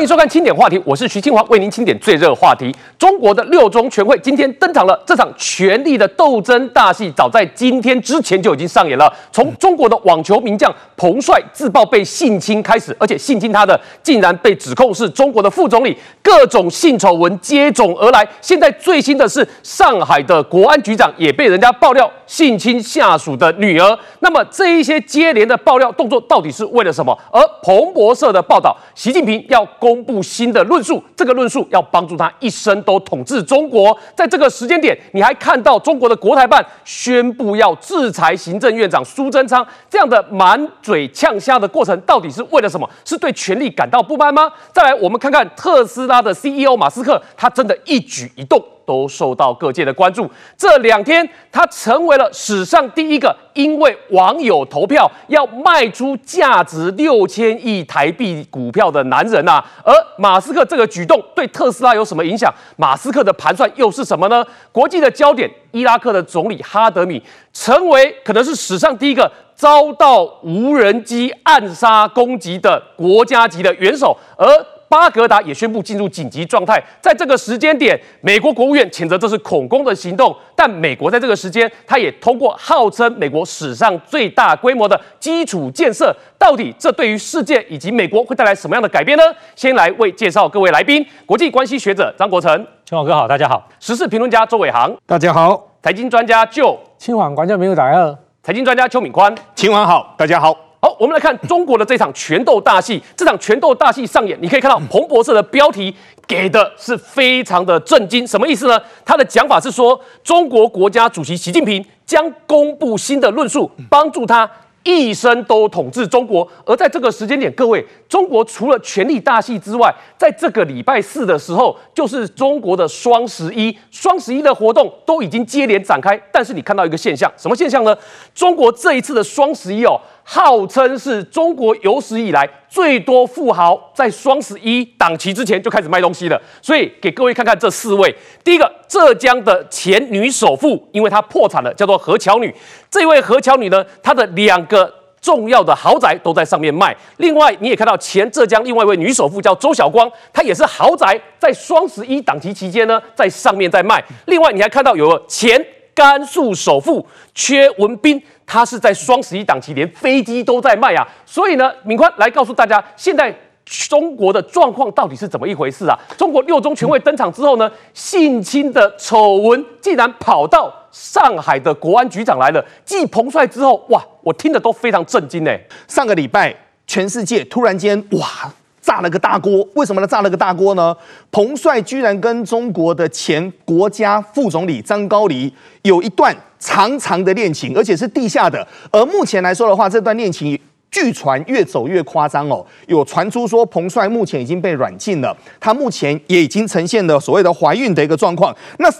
歡迎收看嶔點話題，我是徐嶔煌，為您清點最熱話題。中國的六中全會今天登場了，這場權力的鬥爭大戲早在今天之前就已經上演了。從中國的網球名將彭帥自曝被性侵開始，而且性侵他的竟然被指控是中國的副總理，各種性醜聞接踵而來。現在最新的是，上海的國安局長也被人家爆料性侵下屬的女兒。那麼這一些接連的爆料動作到底是為了什麼？而彭博社的報道，習近平要公公布新的論述，這個論述要幫助他一生都統治中國。在這個時間點，你還看到中國的國台辦宣布要制裁行政院長蘇貞昌，這樣的滿嘴嗆蝦的過程，到底是為了什麼？是對權力感到不安嗎？再來，我們看看特斯拉的 CEO 馬斯克，他真的一舉一動。都受到各界的關注。這兩天，他成為了史上第一個因為網友投票要賣出價值六千億台幣股票的男人吶啊。而馬斯克這個舉動對特斯拉有什麼影響？馬斯克的盤算又是什麼呢？國際的焦點，伊拉克的總理哈德米成為可能是史上第一個遭到無人機暗殺攻擊的國家級的元首，而。巴格達也宣布進入緊急狀態。在這個時間點，美國國務院譴責這是恐攻的行動。但美國在這個時間，他也通過號稱美國史上最大規模的基礎建設。到底這對於世界以及美國會帶來什麼樣的改變呢？先來為介紹各位來賓：國際關係學者張國城，嶔煌哥好，大家好；時事評論家周偉航，大家好；財經專家、Joe、嶔煌好，觀眾朋友大家好。財經專家邱敏寬，嶔煌好，大家好。好，我們來看中國的這場權鬥大戲。這場權鬥大戲上演，你可以看到彭博社的標題給的是非常的震驚。什麼意思呢？他的講法是說，中國國家主席習近平將公布新的論述，幫助他一生都統治中國。而在這個時間點，各位，中國除了權力大戲之外，在這個禮拜四的時候，就是中國的雙十一。雙十一的活動都已經接連展開，但是你看到一個現象，什麼現象呢？中國這一次的雙十一哦。號稱是中國有史以來最多富豪在雙十一檔期之前就開始賣東西了，所以給各位看看這四位。第一個，浙江的前女首富，因為她破產了，叫做何巧女。這位何巧女呢，她的兩個重要的豪宅都在上面賣。另外，你也看到前浙江另外一位女首富叫周曉光，她也是豪宅在雙十一檔期期間呢在上面在賣。另外，你還看到有了前甘肅首富闕文彬。他是在雙十一檔期，連飛機都在賣啊！所以呢，敏寬來告訴大家，現在中國的狀況到底是怎麼一回事啊？中國六中全會登場之後呢，嗯、性侵的醜聞竟然跑到上海的國安局長來了。繼彭帥之後，哇，我聽得都非常震驚誒、欸！上個禮拜，全世界突然間，哇！炸了個大鍋，為什麼呢？炸了個大鍋呢？彭帥居然跟中國的前國家副總理張高麗有一段長長的戀情，而且是地下的。而目前來說的話，這段戀情。據傳越走越誇張哦，有傳出說彭帥目前已經被軟禁了，他目前也已經呈現了所謂的懷孕的一個狀況。那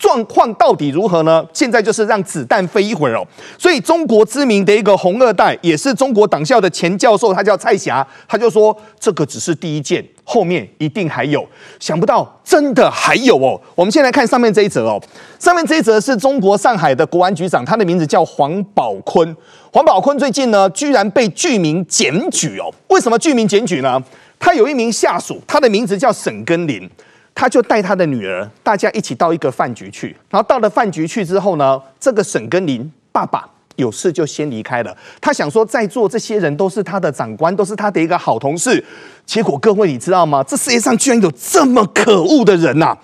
狀況到底如何呢？現在就是讓子彈飛一會兒哦。所以中國知名的一個紅二代，也是中國黨校的前教授，他叫蔡霞，他就說這個只是第一件，後面一定還有。想不到真的還有哦。我們先來看上面這一則哦，上面這一則是中國上海的國安局長，他的名字叫黃寶坤。黃寶坤最近呢，居然被具名檢舉哦。為什麼具名檢舉呢？他有一名下屬，他的名字叫沈根林，他就帶他的女兒，大家一起到一個飯局去。然後到了飯局去之後呢，這個沈根林爸爸有事就先離開了。他想說，在座這些人都是他的長官，都是他的一個好同事。結果各位你知道嗎？這世界上居然有這麼可惡的人吶、啊！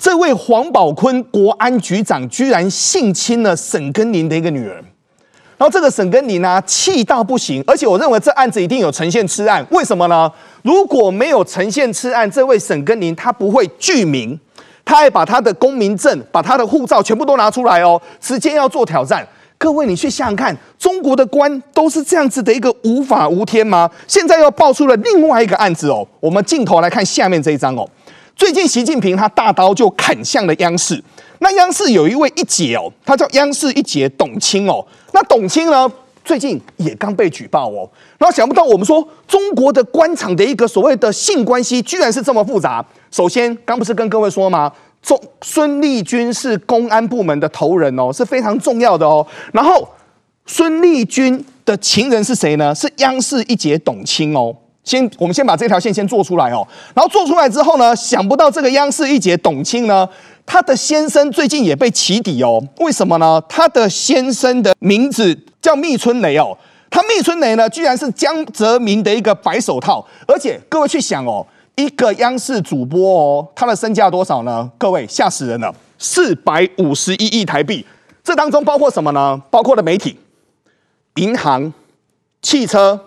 這位黃寶坤國安局長居然性侵了沈根林的一個女兒。然後這個沈根林呢、啊，氣到不行，而且我認為這案子，一定有呈現吃案，為什麼呢？如果沒有呈現吃案，這位沈根林他不會具名，他還把他的公民證、把他的護照全部都拿出來哦，直接要做挑戰。各位，你去想想看，中國的官都是這樣子的一個無法無天嗎？現在又爆出了另外一個案子哦，我們鏡頭來看下面這一張哦。最近習近平他大刀就砍向了央視，那央視有一位一姐哦，他叫央視一姐董卿哦。那董卿呢，最近也剛被舉報哦。然後想不到，我們說中國的官場的一個所謂的性關係，居然是這麼複雜。首先，剛不是跟各位說嗎？中孫立軍是公安部門的頭人哦，是非常重要的哦。然後，孫立軍的情人是誰呢？是央視一姐董卿哦。先，我們先把這條線先做出來哦。然後做出來之後呢，想不到這個央視一姐董卿呢，她的先生最近也被起底哦。為什麼呢？她的先生的名字叫密春雷哦。他密春雷呢，居然是江澤民的一個白手套。而且各位去想哦，一個央視主播哦，他的身價多少呢？各位嚇死人了，四百五十一億台幣。這當中包括什麼呢？包括了媒體、銀行、汽車、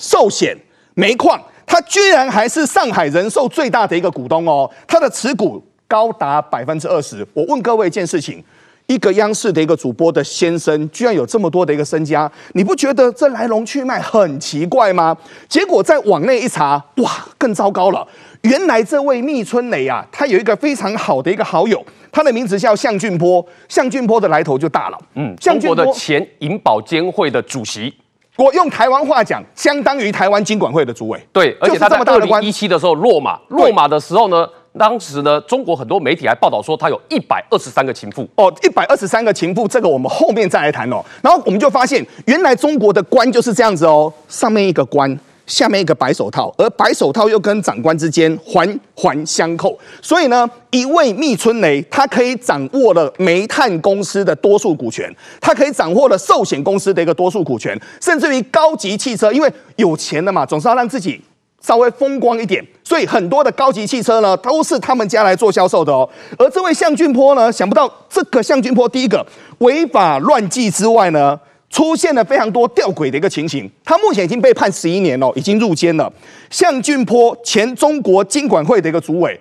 壽險。煤礦，他居然還是上海人壽最大的一個股東哦，他的持股高達百分之二十。我問各位一件事情，一個央視的一個主播的先生，居然有這麼多的一個身家，你不覺得這來龍去脈很奇怪嗎？結果再往內一查，哇，更糟糕了！原來這位密春雷啊，他有一個非常好的一個好友，他的名字叫項俊波，項俊波的來頭就大了。嗯，俊波的前銀保監會的主席。我用台灣話講，相當於台灣金管會的主委。對，而且他這麼大的官，2017的時候落馬，落馬的時候呢，對當時呢，中國很多媒體還報道說他有一百二十三個情婦。哦，一百二十三個情婦，這個我們後面再來談哦。然後我們就發現，原來中國的官就是這樣子哦，上面一個官。下面一個白手套，而白手套又跟長官之間環環相扣，所以呢，一位密春雷，他可以掌握了煤炭公司的多數股權，他可以掌握了壽險公司的一個多數股權，甚至於高級汽車，因為有錢了嘛，總是要讓自己稍微風光一點，所以很多的高級汽車呢，都是他們家來做銷售的哦。而這位項俊波呢，想不到這個項俊波，第一個違法亂紀之外呢。出現了非常多弔詭的一個情形，他目前已經被判十一年了，已經入監了。項俊波前中國經管會的一個主委，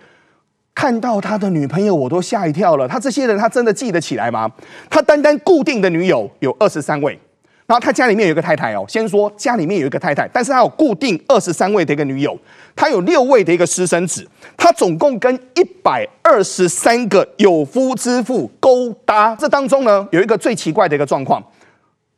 看到他的女朋友，我都嚇一跳了。他這些人，他真的記得起來嗎？他單單固定的女友有二十三位，然後他家裡面有一個太太哦。先說家裡面有一個太太，但是他有固定二十三位的一個女友，他有六位的一個私生子，他總共跟一百二十三個有夫之婦勾搭。這當中呢，有一個最奇怪的一個狀況。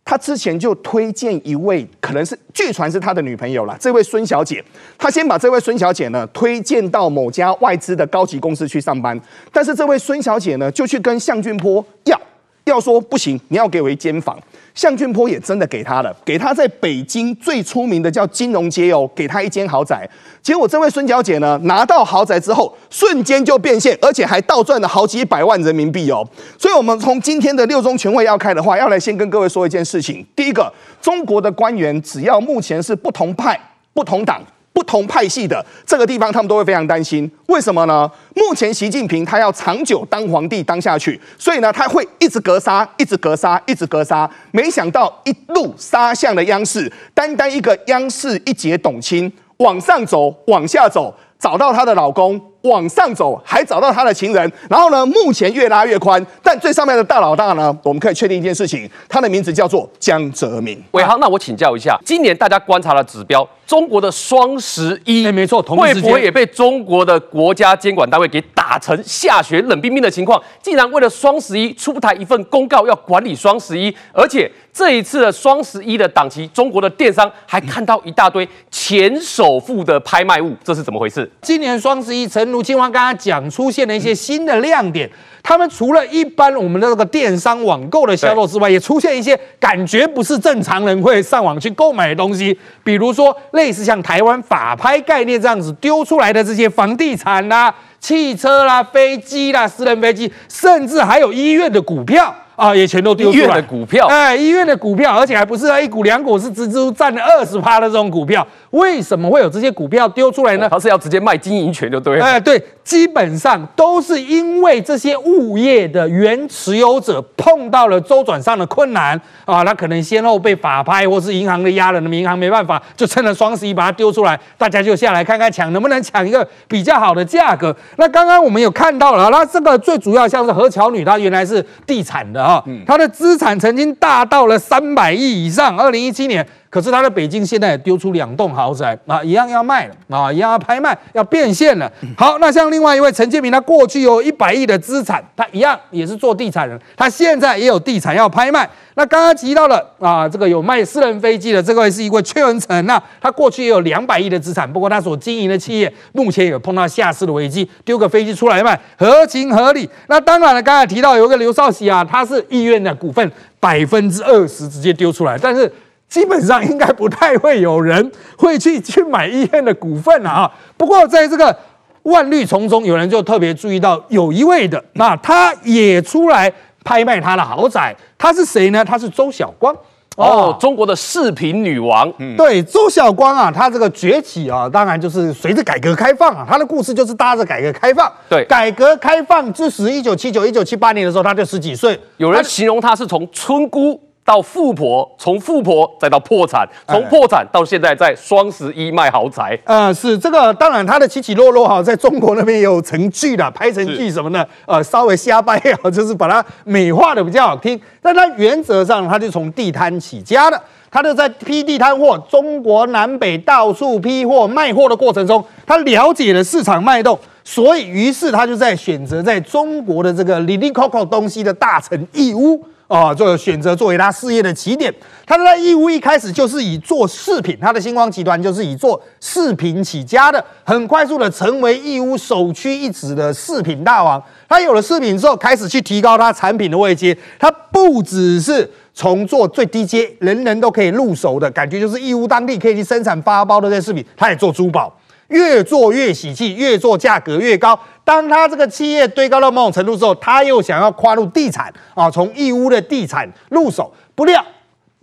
他之前就推薦一位，可能是據傳是他的女朋友啦。這位孫小姐，他先把這位孫小姐呢推薦到某家外資的高級公司去上班，但是這位孫小姐呢就去跟向俊波要，要說不行，你要給我一間房。項俊波也真的給他了，給他在北京最出名的叫金融街哦，給他一間豪宅。結果這位孫小姐呢，拿到豪宅之後，瞬間就變現，而且還倒賺了好幾百萬人民幣哦。所以，我們從今天的六中全會要開的話，要來先跟各位說一件事情。第一個，中國的官員只要目前是不同派、不同黨。不同派系的這個地方，他們都會非常擔心。為什麼呢？目前習近平他要長久當皇帝當下去，所以呢，他會一直格殺，一直格殺，一直格殺。沒想到一路殺向了央視，單單一個央視一姐董卿，往上走，往下走，找到她的老公。往上走，還找到他的情人，然後呢，目前越拉越寬。但最上面的大老大呢，我們可以確定一件事情，他的名字叫做江澤民。偉航，那我請教一下，今年大家觀察的指標，中國的雙十一，哎，沒錯，也被中國的國家監管單位給打成下雪冷冰冰的情況，竟然為了雙十一出台一份公告要管理雙十一，而且。這一次的雙十一的檔期，中國的電商還看到一大堆前首富的拍賣物，這是怎麼回事？今年雙十一，誠如嶔煌剛剛講出現了一些新的亮點，他們除了一般我們的這個電商網購的銷售之外，對也出現一些感覺不是正常人會上網去購買的東西，比如說類似像台灣法拍概念這樣子丟出來的這些房地產啦、啊、汽車啦、啊、飛機啦、啊、私人飛機，甚至還有醫院的股票。啊，也全都丟掉了股票，哎，醫院的股票，哎、而且還不是一股兩股，是直接占了二十趴的這種股票。為什麼會有這些股票丟出來呢、哦？他是要直接賣經營權，就對了、哎。對，基本上都是因為這些物業的原持有者碰到了周轉上的困難啊，他可能先後被法拍，或是銀行的壓了，銀行沒辦法，就趁着雙十一把它丟出來，大家就下來看看搶能不能搶一個比較好的價格。那剛剛我們有看到了，那、啊啊、這個最主要像是何巧女，她原來是地產的啊，她的資產曾經大到了三百億以上，二零一七年。可是他在北京現在丟出兩棟豪宅啊，一樣要賣了啊，一樣要拍賣，要變現了。好，那像另外一位陳建平，他過去有一百億的資產，他一樣也是做地產的，他現在也有地產要拍賣。那剛剛提到了啊，這個有賣私人飛機的，這位是一位缺文成，那他過去也有兩百億的資產，不過他所經營的企業目前有碰到下市的危機，丟個飛機出來賣，合情合理。那當然了，剛才提到有一個劉少奇啊，他是億潤的股份百分之二十直接丟出來，但是。基本上應該不太會有人會去去買醫院的股份了啊，啊。不過在這個萬綠叢中，有人就特別注意到有一位的，那他也出來拍賣他的豪宅。他是誰呢？他是周曉光哦，中國的飾品女王。對，周曉光啊，他這個崛起啊，當然就是隨着改革開放啊，他的故事就是搭着改革開放。對，改革開放之時一九七九、一九七八年的時候，他就十幾歲。有人形容他是從村姑。到富婆，從富婆再到破產，從破產到現在在雙十一賣豪宅。呃，是這個，當然他的起起落落哈，在中國那邊也有成劇的拍成劇什麼呢？是呃，稍微瞎掰啊，就是把它美化得比較好聽。但他原則上他就從地攤起家的，他就在批地攤貨，中國南北到處批貨賣貨的過程中，他了解了市場脈動，所以於是他就在選擇在中國的這個裡裡扣扣東西的大城義烏。啊，哦、就選做選擇作為他事業的起點，他在義烏一開始就是以做飾品，他的星光集團就是以做飾品起家的，很快速的成為義烏首屈一指的飾品大王。他有了飾品之後，開始去提高他產品的位階，他不只是從做最低階人人都可以入手的感覺，就是義烏當地可以去生產發包的這些飾品，他也做珠寶。越做越喜氣，越做價格越高。當他這個企業堆高到某種程度之後，他又想要跨入地產啊，從義烏的地產入手。不料，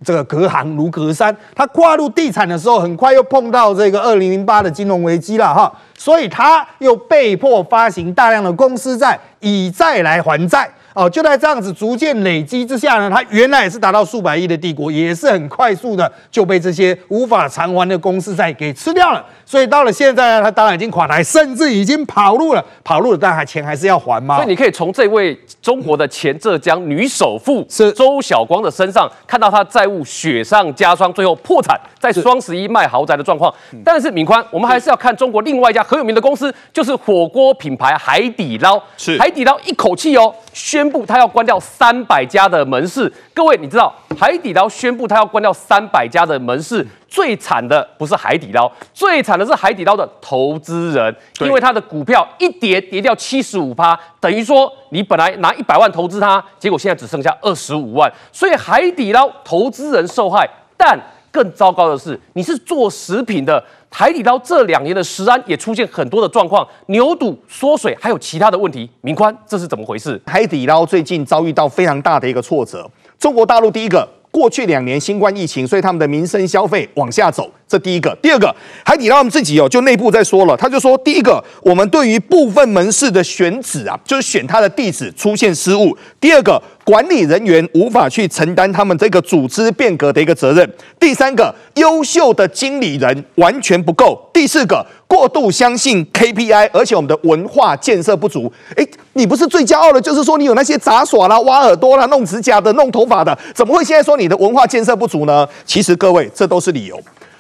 這個隔行如隔山。他跨入地產的時候，很快又碰到這個二零零八的金融危機了哈。所以他又被迫發行大量的公司債，以債來還債哦。就在這樣子逐漸累積之下呢，他原來也是達到數百億的帝國，也是很快速的就被這些無法償還的公司債給吃掉了。所以到了現在他當然已經垮台，甚至已經跑路了，跑路了，但還錢還是要還嗎？所以你可以從這位中國的前浙江女首富是周曉光的身上，看到他債務雪上加霜，最後破產，在雙十一賣豪宅的狀況。但是敏寬，我們還是要看中國另外一家很有名的公司，就是火鍋品牌海底撈。是海底撈一口氣哦，宣布他要關掉三百家的門市。各位，你知道海底撈宣布他要關掉三百家的門市？最慘的不是海底撈，最慘的是海底撈的投資人，對因為他的股票一跌跌掉七十五趴，等於說你本來拿一百萬投資他，結果現在只剩下二十五萬。所以海底撈投資人受害，但更糟糕的是，你是做食品的，海底撈這兩年的食安也出現很多的狀況，牛肚縮水，還有其他的問題。敏寬，這是怎麼回事？海底撈最近遭遇到非常大的一個挫折，中國大陸第一個。過去兩年新冠疫情，所以他們的民生消費往下走，這第一個。第二個，海底撈我們自己哦，就內部在說了，他就說：第一個，我們對於部分門市的選址啊，就是選他的地址出現失誤；第二個，管理人員無法去承擔他們這個組織變革的一個責任；第三個，優秀的經理人完全不夠；第四個。過度相信 KPI，而且我們的文化建設不足、欸。誒你不是最驕傲的，就是說你有那些雜耍啦、挖耳朵啦、弄指甲的、弄頭髮的，怎麼會現在說你的文化建設不足呢？其實各位，這都是理由。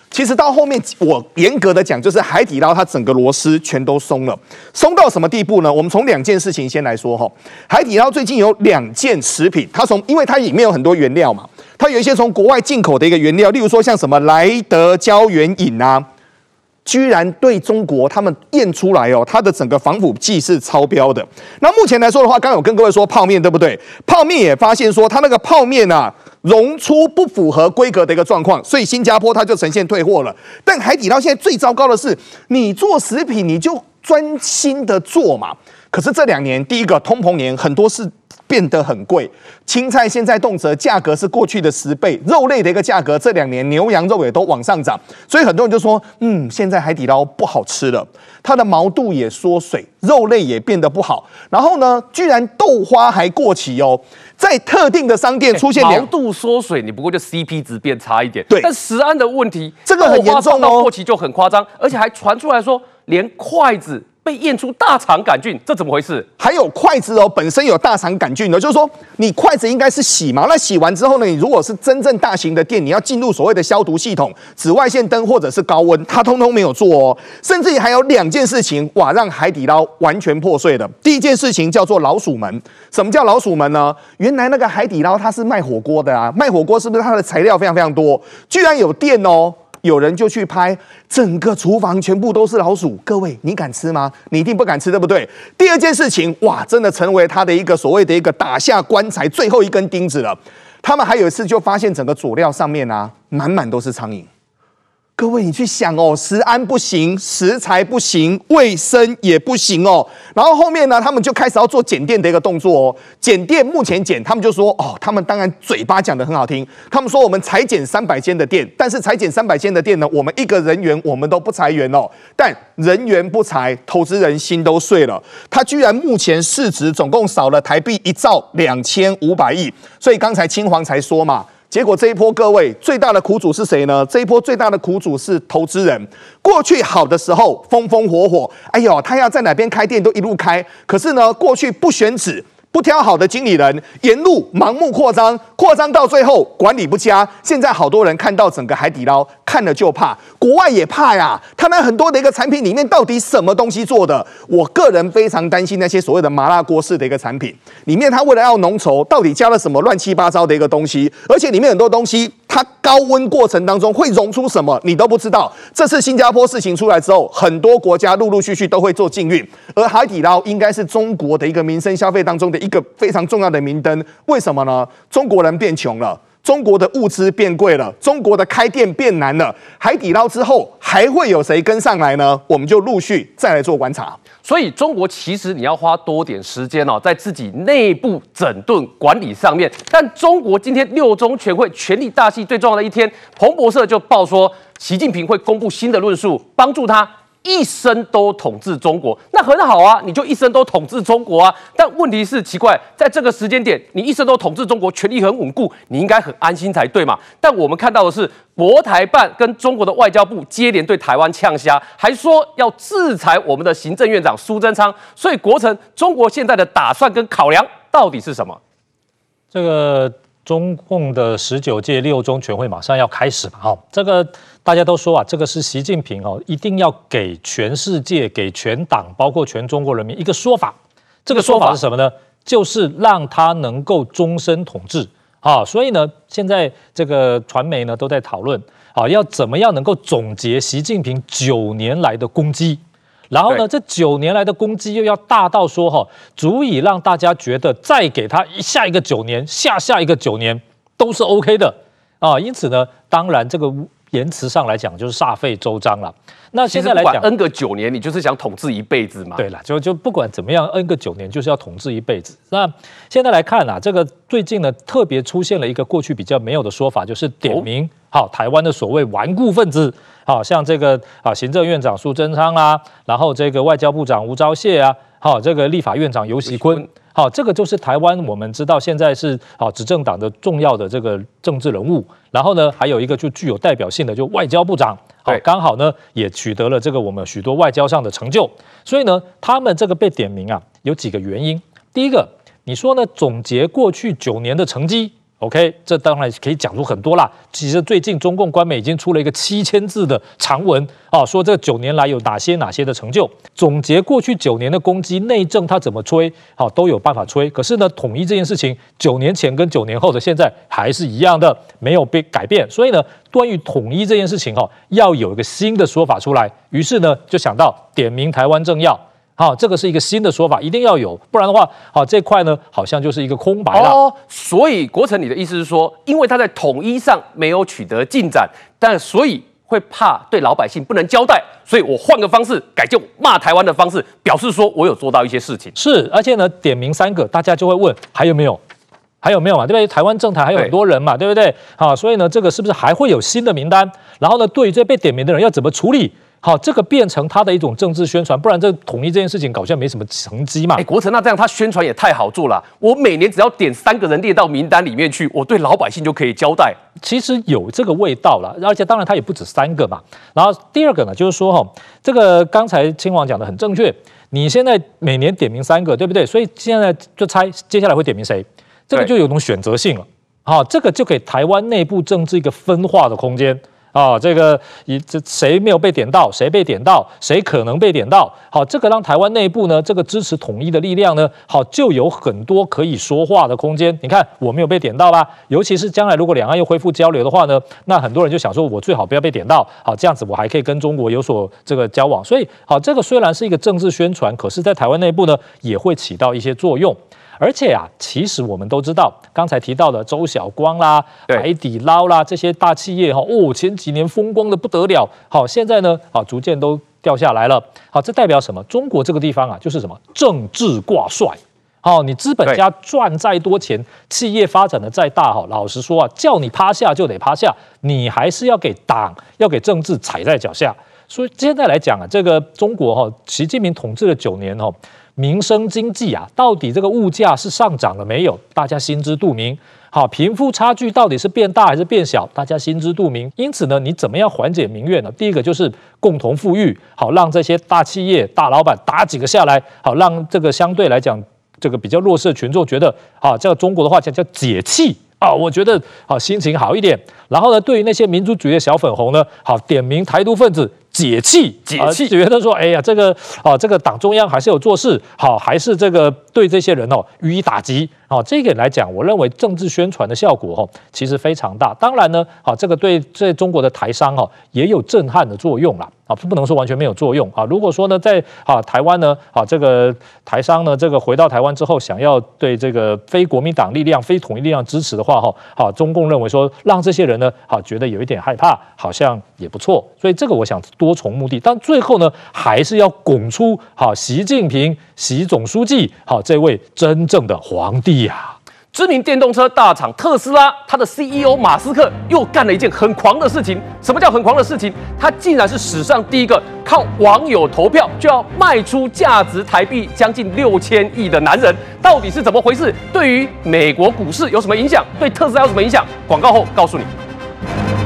其實到後面，我嚴格的講，就是海底撈它整個螺絲全都鬆了，鬆到什麼地步呢？我們從兩件事情先來說哈、喔。海底撈最近有兩件食品，它從因為它裡面有很多原料嘛，它有一些從國外進口的一個原料，例如說像什麼萊德膠原飲啊。居然對中國他們驗出來哦，它的整個防腐劑是超標的。那目前來說的話，剛有跟各位說泡麵對不對？泡麵也發現說它那個泡麵啊，溶出不符合規格的一個狀況，所以新加坡它就呈現退貨了。但海底撈現在最糟糕的是，你做食品你就專心的做嘛。可是這兩年，第一個通膨年，很多事變得很貴。青菜現在動輒價格是過去的十倍，肉類的一個價格這兩年牛羊肉也都往上漲，所以很多人就說，嗯，現在海底撈不好吃了，它的毛肚也縮水，肉類也變得不好。然後呢，居然豆花還過期哦，在特定的商店出現、欸。毛肚縮水，你不過就 CP 值變差一點。對，但食安的問題，這個很嚴重哦。豆花過期就很誇張，而且還傳出來說連筷子。被驗出大腸桿菌，這怎麼回事？還有筷子哦，本身有大腸桿菌的，就是說你筷子應該是洗嘛？那洗完之後呢？你如果是真正大型的店，你要進入所謂的消毒系統，紫外線燈或者是高溫，它通通沒有做哦。甚至你還有兩件事情哇，讓海底撈完全破碎的第一件事情叫做老鼠門。什麼叫老鼠門呢？原來那個海底撈它是賣火鍋的啊，賣火鍋是不是它的材料非常非常多？居然有電哦！有人就去拍，整個廚房全部都是老鼠。各位，你敢吃嗎？你一定不敢吃，對不對？第二件事情，哇，真的成為他的一個所謂的一個釘下棺材最後一根釘子了。他們還有一次就發現整個佐料上面啊，滿滿都是蒼蠅。各位，你去想哦，食安不行，食材不行，衛生也不行哦。然後後面呢，他們就開始要做減店的一個動作哦。減店目前減，他們就說哦，他們當然嘴巴講得很好聽，他們說，我們裁減三百間的店，但是裁減三百間的店呢，我們一個人員我們都不裁員哦。但人員不裁，投資人心都碎了。他居然目前市值總共少了台幣一兆兩千五百億。所以剛才嶔煌才說嘛。結果這一波，各位最大的苦主是誰呢？這一波最大的苦主是投資人。過去好的時候，風風火火，哎呦，他要在哪邊開店都一路開。可是呢，過去不選址。不挑好的經理人，沿路盲目擴張，擴張到最後管理不佳。現在好多人看到整個海底撈，看了就怕，國外也怕呀。他們很多的一個產品裡面到底什麼東西做的？我個人非常擔心那些所謂的麻辣鍋式的一個產品，裡面他為了要濃稠，到底加了什麼亂七八糟的一個東西？而且裡面很多東西，它高溫過程當中會溶出什麼，你都不知道。這次新加坡事情出來之後，很多國家陸陸續續都會做禁運，而海底撈應該是中國的一個民生消費當中的一個。一個非常重要的明燈，為什麼呢？中國人變窮了，中國的物資變貴了，中國的開店變難了。海底撈之後，還會有誰跟上來呢？我們就陸續再來做觀察。所以，中國其實你要花多點時間哦，在自己內部整頓管理上面。但中國今天六中全會權力大戲最重要的一天，彭博社就報說，習近平會公布新的論述，幫助他。一生都統治中國，那很好啊，你就一生都統治中國啊。但問題是奇怪，在這個時間點，你一生都統治中國，權力很穩固，你應該很安心才對嘛。但我們看到的是，國台辦跟中國的外交部接連對台灣嗆聲，還說要制裁我們的行政院長蘇貞昌。所以，國城，中國現在的打算跟考量到底是什麼？這個中共的十九屆六中全會馬上要開始吧。哈、哦，這個。大家都說啊，這個是習近平哦，一定要給全世界、給全黨、包括全中國人民一個說法。這個說法是什麼呢？就是讓他能夠終身統治啊。所以呢，現在這個傳媒呢都在討論啊，要怎麼樣能夠總結習近平九年來的功績。然後呢，對這九年來的功績又要大到說哈、哦，足以讓大家覺得再給他一下一個九年、下下一個九年都是 OK 的啊。因此呢，當然這個。言辭上來講，就是煞費周章了。那現在來講，N 個九年，你就是想統治一輩子嘛？對了，就就不管怎麼樣，N 個九年就是要統治一輩子。那現在來看啊，這個最近呢，特別出現了一個過去比較沒有的說法，就是點名好、哦、台灣的所謂頑固分子，好像這個啊行政院長蘇貞昌啊，然後這個外交部長吳釗燮啊，好這個立法院長游錫堃。好，這個就是台灣，我們知道現在是啊執政黨的重要的這個政治人物，然後呢，還有一個就具有代表性的就外交部長，好，剛好呢也取得了這個我們許多外交上的成就，所以呢，他們這個被點名啊，有幾個原因，第一個，你說呢總結過去九年的成績。OK，這當然可以講出很多啦。其實最近中共官媒已經出了一個七千字的長文啊、哦，說這九年來有哪些哪些的成就，總結過去九年的攻擊內政，他怎麼吹好、哦、都有辦法吹。可是呢，統一這件事情，九年前跟九年後的現在還是一樣的，沒有被改變。所以呢，關於統一這件事情哈、哦，要有一個新的說法出來，於是呢就想到點名台灣政要。好、哦，這個是一個新的說法，一定要有，不然的話，好、哦、這塊呢好像就是一個空白了。哦、所以國城，你的意思是說，因為他在統一上沒有取得進展，但所以會怕對老百姓不能交代，所以我換個方式，改就罵台灣的方式，表示說我有做到一些事情。是，而且呢，點名三個，大家就會問還有沒有，還有沒有嘛？對不對？台灣政壇還有很多人嘛，對，對不對？好、哦，所以呢，這個是不是還會有新的名單？然後呢，對於這被點名的人要怎麼處理？好，這個變成他的一種政治宣傳，不然這統一這件事情好像沒什麼成績嘛。哎，國城，那這樣他宣傳也太好做了，我每年只要點三個人列到名單裡面去，我對老百姓就可以交代。其實有這個味道了，而且當然他也不止三個嘛。然後第二個呢，就是說哈，這個剛才嶔煌講的很正確，你現在每年點名三個，對不對？所以現在就猜接下來會點名誰，這個就有種選擇性了。好，這個就給台灣內部政治一個分化的空間。啊、哦，這個一這誰沒有被點到，誰被點到，誰可能被點到？好，這個讓台灣內部呢，這個支持統一的力量呢，好，就有很多可以說話的空間。你看我沒有被點到吧？尤其是將來如果兩岸又恢復交流的話呢，那很多人就想說，我最好不要被點到，好，這樣子我還可以跟中國有所這個交往。所以，好，這個雖然是一個政治宣傳，可是，在台灣內部呢，也會起到一些作用。而且啊，其實我們都知道，剛才提到的周曉光啦、海對底撈啦這些大企業哈、哦，哦，前幾年風光的不得了。好、哦，現在呢，啊、哦，逐漸都掉下來了。好、哦，這代表什麼？中國這個地方啊，就是什麼政治掛帥。好、哦，你資本家賺再多錢，對企業發展的再大、哦，好，老實說啊，叫你趴下就得趴下，你還是要給黨，要給政治踩在腳下。所以現在來講啊，這個中國哈、哦，習近平統治了九年哈、哦。民生經濟啊，到底這個物價是上漲了沒有？大家心知肚明。好，貧富差距到底是變大還是變小？大家心知肚明。因此呢，你怎麼樣緩解民怨呢？第一個就是共同富裕，好讓這些大企業、大老板打幾個下來，好讓這個相對來講這個比較弱勢的群眾覺得，啊，叫中國的話講叫解氣啊，哦，我覺得好心情好一點。然後呢，對於那些民族主義的小粉紅呢，好點名台獨分子。解氣解氣，啊，覺得說，哎呀，這個啊，這個黨中央還是有做事，好，還是這個對這些人哦予以打擊。好，這一點來講，我認為政治宣傳的效果哦，其實非常大。當然呢，好，這個對在中國的台商哦，也有震撼的作用啦。啊，不能說完全沒有作用啊。如果說呢，在啊台灣呢，啊這個台商呢，這個回到台灣之後，想要對這個非國民黨力量、非統一力量支持的話哈，好，中共認為說，讓這些人呢，好覺得有一點害怕，好像也不錯。所以這個我想多重目的，但最後呢，還是要拱出好習近平、習總書記好這位真正的皇帝。呀，Yeah. 知名電動車大廠特斯拉，他的 CEO 馬斯克又幹了一件很狂的事情。什麼叫很狂的事情？他竟然是史上第一個靠網友投票就要賣出價值台幣將近六千億的男人。到底是怎麼回事？對於美國股市有什麼影響？對特斯拉有什麼影響？廣告後告訴你。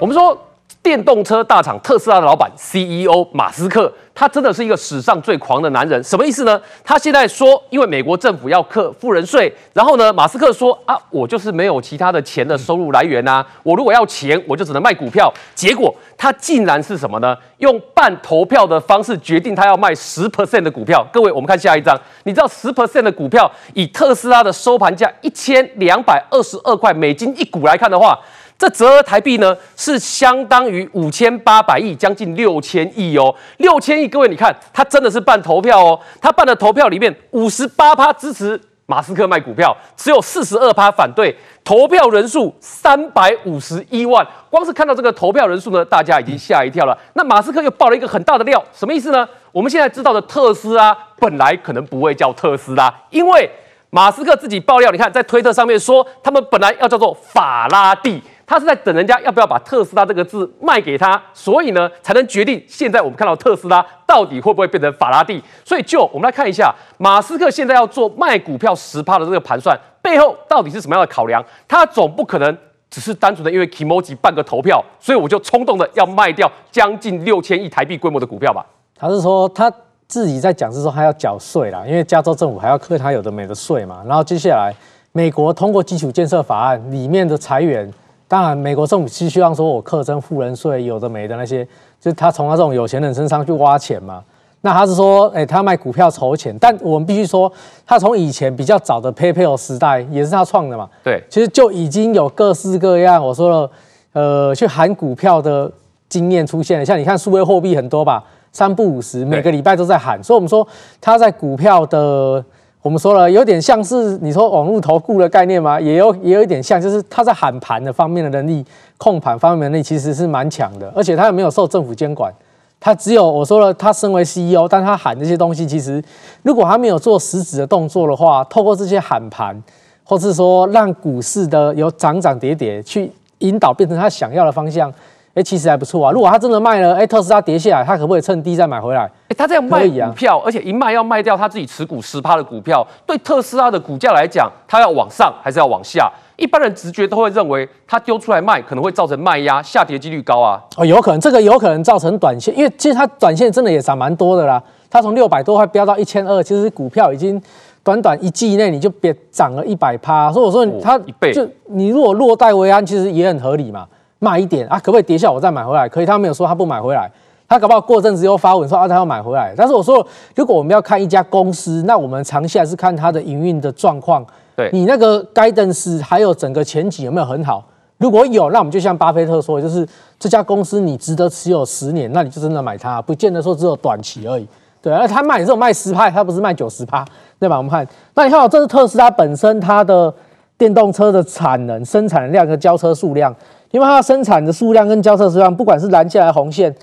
我們說，電動車大廠特斯拉的老闆 CEO 馬斯克，他真的是一個史上最狂的男人。什麼意思呢？他現在說，因為美國政府要課富人稅，然後呢，馬斯克說啊，我就是沒有其他的錢的收入來源吶、啊，我如果要錢，我就只能賣股票。結果他竟然是什麼呢？用半投票的方式決定他要賣十 percent 的股票。各位，我們看下一張，你知道十 percent 的股票，以特斯拉的收盤價一千兩百二十二塊美金一股來看的話。這折合台幣呢，是相當於五千八百億，將近六千億哦。六千億，各位，你看，他真的是辦投票哦。他辦的投票裡面，五十八趴支持馬斯克賣股票，只有四十二趴反對。投票人數三百五十一萬，光是看到這個投票人數呢，大家已經嚇一跳了。那馬斯克又爆了一個很大的料，什麼意思呢？我們現在知道的特斯拉，本來可能不會叫特斯拉，因為馬斯克自己爆料，你看在推特上面說，他們本來要叫做法拉第。他是在等人家要不要把特斯拉這個字賣給他，所以呢才能決定現在我們看到特斯拉到底會不會變成法拉第。所以就我們來看一下馬斯克現在要做賣股票十趴的這個盤算背後到底是什麼樣的考量？他總不可能只是單純的因為 emoji 半個投票，所以我就衝動的要賣掉將近六千億台幣規模的股票吧？他是說他自己在講，是說他要繳稅啦，因為加州政府還要扣他有的沒的稅嘛。然後接下來美國通過基礎建設法案裡面的裁員。當然，美國政府是希望說，我課徵富人稅，有的沒的那些，就是他從他這種有錢人身上去挖錢嘛。那他是說，哎、欸，他賣股票籌錢，但我們必須說，他從以前比較早的 PayPal 時代也是他創的嘛。對，其實就已經有各式各樣，我說了，呃，去喊股票的經驗出現了。像你看，數位貨幣很多吧，三不五時，每個禮拜都在喊，對所以我們說他在股票的。我們說了，有點像是你說網絡投顧的概念嗎？也有也有一點像，就是他在喊盤的方面的能力、控盤方面的能力其實是蠻強的，而且他也沒有受政府監管，他只有我說了，他身為 CEO，但他喊這些東西，其實如果他沒有做實質的動作的話，透過這些喊盤，或是說讓股市的有漲漲跌跌去引導變成他想要的方向。欸、其實還不錯啊。如果他真的賣了、欸，特斯拉跌下來，他可不可以趁低再買回來？欸、他這樣賣股票，啊、而且一賣要賣掉他自己持股十趴的股票，對特斯拉的股價來講，它要往上還是要往下？一般人直覺都會認為，他丟出來賣可能會造成賣壓，下跌幾率高啊。哦，有可能這個有可能造成短線，因為其實它短線真的也漲蠻多的啦。它從六百多塊飆到一千二，其實股票已經短短一季內你就變漲了一百趴。所以我說他，一倍、哦、就你如果落袋為安，其實也很合理嘛。賣一點啊，可不可以跌下我再買回來？可以，他沒有說他不買回來，他搞不好過陣子又發文說啊，他要買回來。但是我說，如果我們要看一家公司，那我們長期還是看它的營運的狀況。對你那個 guidance 還有整個前景有沒有很好？如果有，那我們就像巴菲特說，就是這家公司你值得持有十年，那你就真的買它，不見得說只有短期而已。對啊，他賣你這種賣十趴，他不是賣九十趴，對吧？我們看，那你看、喔，這是特斯拉本身它的電動車的產能、生產量和交車數量。因為它生產的數量跟交車數量，不管是藍線還是紅線，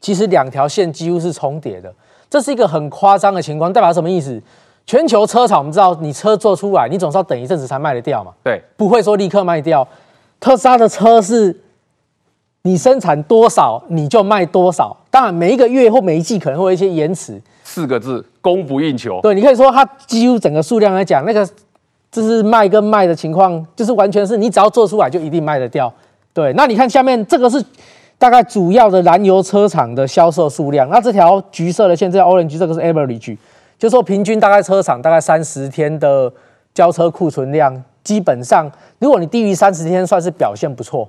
其實兩條線幾乎是重疊的。這是一個很誇張的情況，代表什麼意思？全球車廠我們知道，你車做出來，你總是要等一陣子才賣得掉嘛。對，不會說立刻賣掉。特斯拉的車是，你生產多少你就賣多少。當然，每一個月或每一季可能會有一些延遲。四個字，供不應求。對，你可以說，它幾乎整個數量來講，那個這是賣跟賣的情況，就是完全是你只要做出來就一定賣得掉。對，那你看下面這個是大概主要的燃油車廠的銷售數量。那這條橘色的線，這條 orange 這個是 average，就是說平均大概車廠大概三十天的交車庫存量，基本上如果你低於三十天算是表現不錯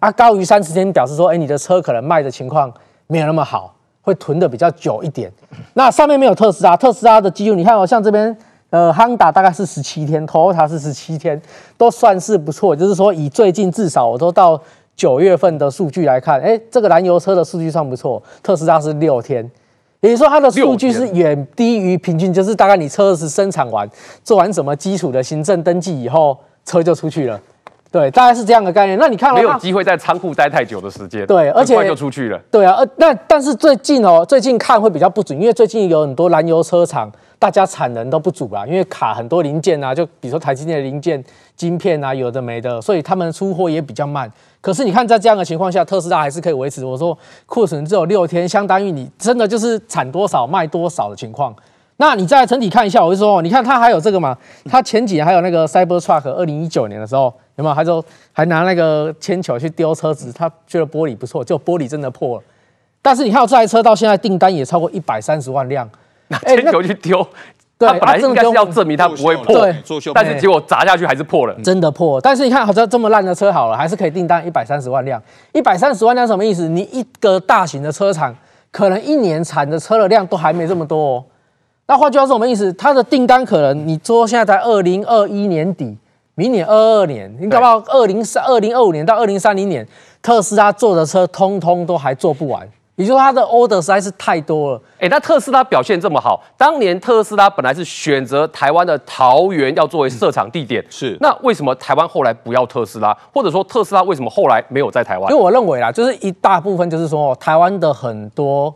啊，高於三十天表示說，哎，你的車可能賣的情況沒有那麼好，會囤得比較久一點。那上面沒有特斯拉，特斯拉的記錄你看哦，像這邊。呃，Honda 大概是十七天，Toyota 是十七天，都算是不錯。就是說，以最近至少我都到九月份的數據來看，誒、欸，這個燃油車的數據算不錯。特斯拉是六天，也就是說它的數據是遠低於平均，六天。就是大概你車子生產完，做完什麼基礎的行政登記以後，車就出去了。對，大概是這樣的概念。那你看了沒有機會在倉庫待太久的時間？對，而且很快就出去了。對啊，呃，那但是最近哦，最近看會比較不準，因為最近有很多燃油車廠，大家產能都不足啦、啊，因為卡很多零件啊，就比如說台積電的零件、晶片啊，有的沒的，所以他們出貨也比較慢。可是你看，在這樣的情況下，特斯拉還是可以維持。我說庫存只有六天，相當於你真的就是產多少賣多少的情況。那你再來整體看一下，我就說，你看它還有這個嘛？它前幾年還有那個 Cybertruck，二零一九年的時候。有沒有？還說還拿那個鉛球去丟車子，嗯，他覺得玻璃不錯，結果玻璃真的破了。但是你看我這台車到現在訂單也超過一百三十萬輛，拿鉛球去丟，欸，他本來應該是要證明它不會破，啊，但是結果砸下去還是破了，嗯，真的破了。但是你看，好像這麼爛的車好了，還是可以訂單一百三十萬輛。一百三十萬輛是什麼意思？你一個大型的車廠，可能一年產的車的量都還沒這麼多哦。那換句話說什麼意思？它的訂單可能，你說現在在二零二一年底。明年二二年，你搞不好二零三二零二五年到二零三零年，特斯拉做的車通通都還做不完，也就是說它的 order 實在是太多了。哎、欸，那特斯拉表現這麼好，當年特斯拉本來是選擇台灣的桃園要作為設廠地點，嗯、是，那為什麼台灣後來不要特斯拉，或者說特斯拉為什麼後來沒有在台灣？因為我認為啦，就是一大部分就是說，台灣的很多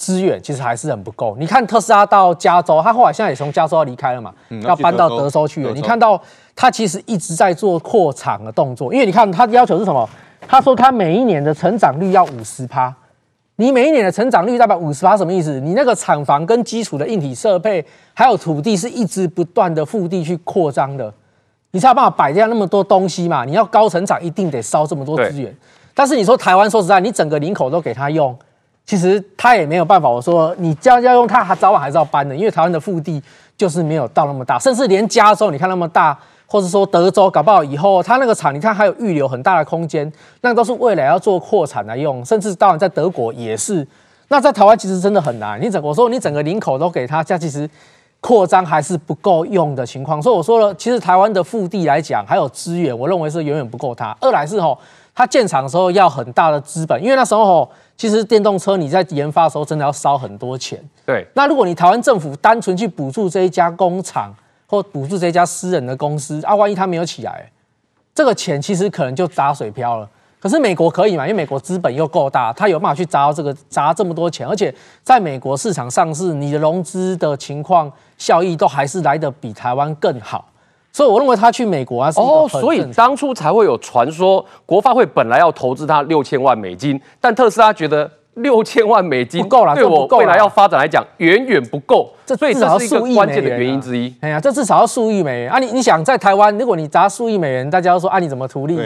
資源其實還是很不夠。你看特斯拉到加州，他後來現在也從加州要離開了嘛，嗯、要搬到德州去了。德州。你看到？他其實一直在做擴廠的動作，因為你看他的要求是什麼？他說他每一年的成長率要五十趴。你每一年的成長率大概五十趴什麼意思？你那個廠房跟基礎的硬體設備還有土地是一直不斷的腹地去擴張的。你才有辦法擺這樣那麼多東西嘛？你要高成長一定得燒這麼多資源。但是你說台灣，說實在，你整個林口都給他用，其實他也沒有辦法。我說你這要用他，早晚還是要搬的，因為台灣的腹地就是沒有到那麼大，甚至連加州，你看那麼大。或者說德州搞不好以後，它那個廠你看還有預留很大的空間，那都是未來要做擴產來用，甚至當然在德國也是。那在台灣其實真的很難，你整我說你整個林口都給它，這樣其實擴張還是不夠用的情況。所以我說了，其實台灣的腹地來講，還有資源，我認為是遠遠不夠它。二來是吼，它建廠的時候要很大的資本，因為那時候吼，其實電動車你在研發的時候真的要燒很多錢。對，那如果你台灣政府單純去補助這一家工廠，補助這家私人的公司啊，萬一他沒有起來，這個錢其實可能就打水漂了。可是美國可以嘛？因為美國資本又夠大，他有辦法去砸到這個，砸這麼多錢，而且在美國市場上市，你的融資的情況效益都還是來得比台灣更好。所以我認為他去美國啊，哦，所以當初才會有傳說，國發會本來要投資他六千萬美金，但特斯拉覺得。六千萬美金不夠了，對我未來要發展來講遠遠不夠，這最少是一個關鍵的原因之一。哎呀，這至少要數億美元啊！啊元啊，你你想在台灣，如果你砸數億美元，大家說啊你怎麼圖利？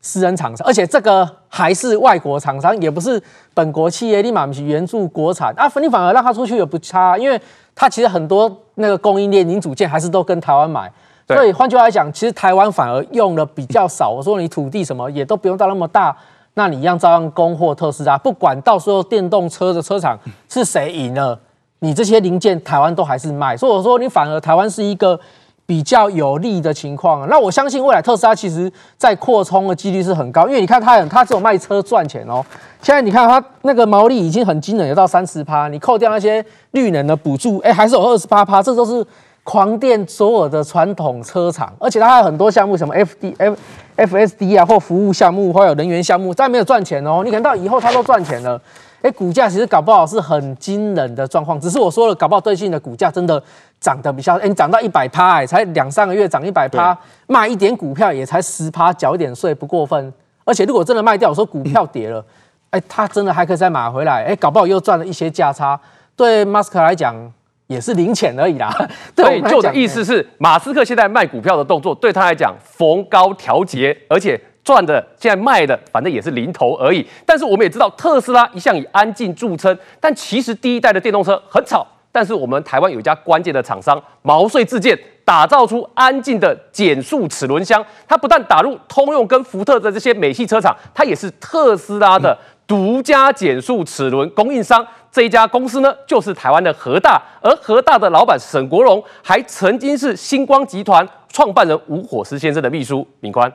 私人廠商，啊、而且這個還是外國廠商，也不是本國企業，立馬援助國產啊！你反而讓他出去也不差，因為他其實很多那個供應鏈零組件還是都跟台灣買。對，所以換句話來講，其實台灣反而用的比較少。我說你土地什麼也都不用到那麼大。那你一樣照樣供貨特斯拉，不管到時候電動車的車廠是誰贏了，你這些零件台灣都還是賣，所以我說你反而台灣是一個比較有利的情況。那我相信未來特斯拉其實在擴充的幾率是很高，因為你看它，它只有賣車賺錢哦、喔。現在你看它那個毛利已經很驚人，有到三十趴，你扣掉那些綠能的補助，哎，還是有二十八趴，這都、就是。狂電所有的傳統車廠，而且它還有很多項目，什麼 F D F F S D 啊，或服務項目，或有能源項目，但沒有賺錢哦、喔。你看到以後它都賺錢了，哎、欸，股價其實搞不好是很驚人的狀況。只是我說了，搞不好最近的股價真的漲得比較、欸、你漲到一百趴，才兩三個月漲一百趴，對賣一點股票也才十趴，繳一點稅不過分。而且如果真的賣掉，我說股票跌了，哎、欸，它真的還可以再買回來，哎、欸，搞不好又賺了一些價差。對馬斯克來講。也是零錢而已啦。對對，所以就的意思是，馬斯克現在賣股票的動作對他來講逢高調節，而且賺的現在賣的反正也是零頭而已。但是我們也知道，特斯拉一向以安靜著稱，但其實第一代的電動車很吵。但是我們台灣有一家關鍵的廠商毛遂自薦，打造出安靜的減速齒輪箱。它不但打入通用跟福特的這些美系車廠，它也是特斯拉的獨家減速齒輪供應商。這一家公司呢，就是台灣的和大，而和大的老闆沈國榮還曾經是星光集團創辦人吳火獅先生的秘書。敏寬，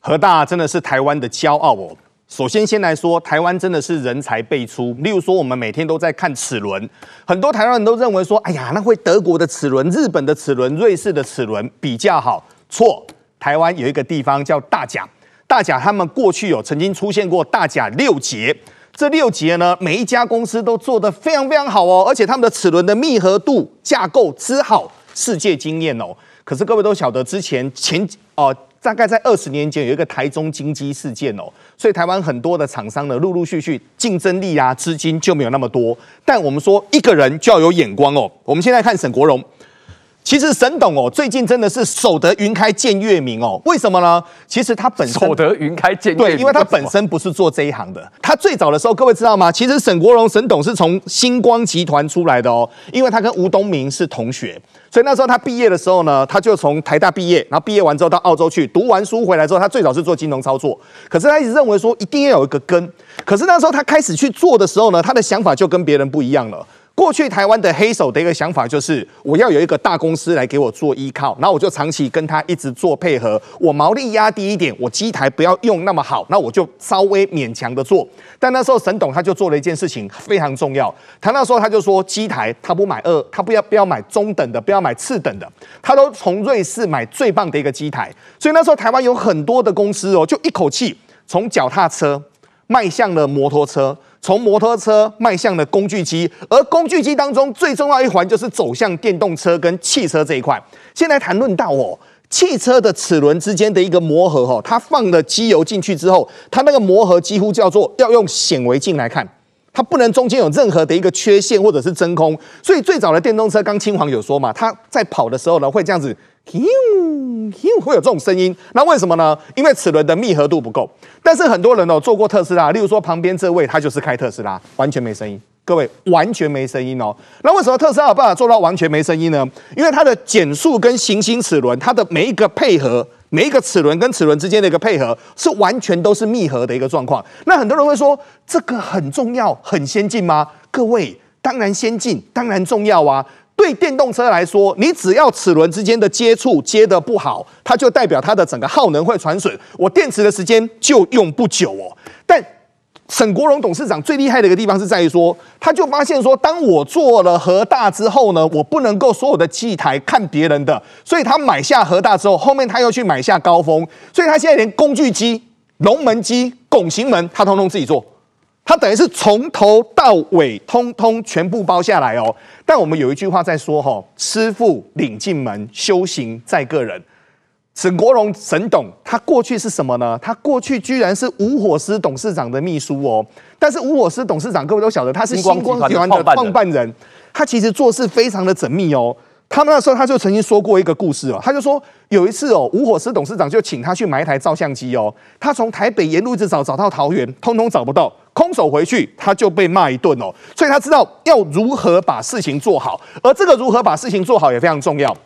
和大真的是台灣的驕傲哦。首先先來說，台灣真的是人才輩出。例如說，我們每天都在看齒輪，很多台灣人都認為說，哎呀，那會德國的齒輪、日本的齒輪、瑞士的齒輪比較好。錯，台灣有一個地方叫大甲，大甲他們過去有曾經出現過大甲六傑這六節呢，每一家公司都做得非常非常好哦，而且他們的齒輪的密合度、架構、之好，世界驚艷哦。可是各位都曉得，之前前哦、呃，大概在二十年前有一個台中精機事件哦，所以台灣很多的廠商呢，陸陸續續、續競爭力啊，資金就沒有那麼多。但我們說一個人就要有眼光哦。我們現在看沈國榮。其實沈董哦，最近真的是守得雲開見月明哦。為什麼呢？其實他本身守得雲開見月明。對，因為他本身不是做這一行的。他最早的時候，各位知道嗎？其實沈國榮、沈董是從星光集團出來的哦，因為他跟吳東明是同學，所以那時候他畢業的時候呢，他就從台大畢業，然後畢業完之後到澳洲去讀完書回來之後，他最早是做金融操作，可是他一直認為說一定要有一個根。可是那時候他開始去做的時候呢，他的想法就跟別人不一樣了。過去台灣的黑手的一個想法就是，我要有一個大公司來給我做依靠，然後我就長期跟他一直做配合。我毛利壓低一點，我機台不要用那麼好，那我就稍微勉強的做。但那時候沈董他就做了一件事情非常重要，他那時候他就說機台他不買二，他不要不要買中等的，不要買次等的，他都從瑞士買最棒的一個機台。所以那時候台灣有很多的公司哦、喔，就一口氣從腳踏車邁向了摩托車。從摩托車邁向了工具機，而工具機當中最重要一環就是走向電動車跟汽車這一塊。現在談論到哦，汽車的齒輪之間的一個磨合，哦，它放了機油進去之後，它那個磨合幾乎叫做要用顯微鏡來看，它不能中間有任何的一個缺陷或者是真空。所以最早的電動車，剛清華有說嘛，它在跑的時候呢，會這樣子。有會有這種聲音，那為什麼呢？因為齒輪的密合度不夠。但是很多人哦，坐過特斯拉，例如說旁邊這位，他就是開特斯拉，完全沒聲音。各位，完全沒聲音哦。那為什麼特斯拉有辦法做到完全沒聲音呢？因為它的減速跟行星齒輪，它的每一個配合，每一個齒輪跟齒輪之間的一個配合，是完全都是密合的一個狀況。那很多人會說，這個很重要，很先進嗎？各位，當然先進，當然重要啊。對電動車來說，你只要齒輪之間的接觸接得不好，它就代表它的整個耗能會傳損，我電池的時間就用不久哦。但沈國榮董事長最厲害的一個地方是在於說，他就發現說，當我做了和大之後呢，我不能夠所有的器材看別人的，所以他買下和大之後，後面他又去買下高峰，所以他現在連工具機、龍門機、拱形門，他通通自己做。他等於是從頭到尾，通通全部包下來哦。但我們有一句話在說哦，師父領進門，修行在個人。沈國榮沈董，他過去是什麼呢？他過去居然是吳火獅董事長的秘書哦。但是吳火獅董事長各位都曉得，他是新光集團的創辦人。他其實做事非常的縝密哦。他們那時候他就曾經說過一個故事哦，他就說有一次哦，吳火獅董事長就請他去買一台照相機哦，他從台北沿路一直找，找到桃園，通通找不到。空手回去，他就被罵一頓哦，所以他知道要如何把事情做好，而這個如何把事情做好也非常重要。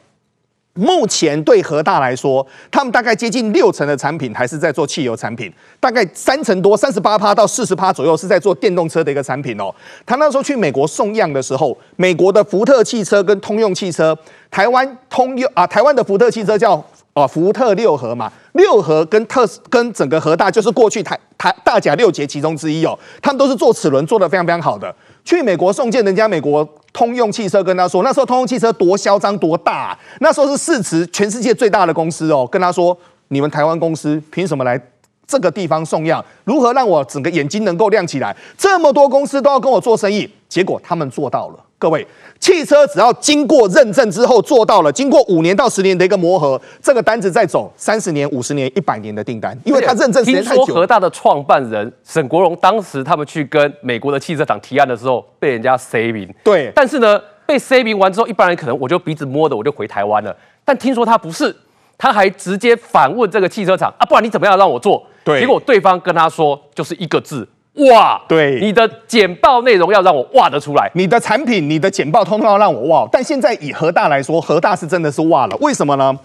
目前對和大來說，他們大概接近六成的產品還是在做汽油產品，大概三成多38，三十八趴到四十趴左右是在做電動車的一個產品哦。他那時候去美國送樣的時候，美國的福特汽車跟通用汽車，台灣通用啊，台灣的福特汽車叫。啊、哦，福特六和嘛，六和跟特跟整個和大就是過去台台大甲六傑其中之一哦，他們都是做齒輪做得非常非常好的。去美國送件，人家美國通用汽車跟他說，那時候通用汽車多囂張多大，那時候是市值全世界最大的公司哦，跟他說，你們台灣公司憑什麼來這個地方送樣？如何讓我整個眼睛能夠亮起來？這麼多公司都要跟我做生意，結果他們做到了。各位，汽車只要經過認證之後，做到了經過五年到十年的一個磨合，這個單子再走三十年、五十年、一百年的訂單，因為它認證時間太久。聽說和大的創辦人沈國榮，當時他們去跟美國的汽車廠提案的時候，被人家 C 名。對。但是呢，被 C 名完之後，一般人可能我就鼻子摸着我就回台灣了。但聽說他不是，他還直接反問這個汽車廠啊，不然你怎麼樣讓我做？對。結果對方跟他說，就是一個字。哇，對，你的簡報內容要讓我挖得出來，你的產品、你的簡報通通要讓我挖。但現在以和大來說，和大是真的是挖了，為什麼呢？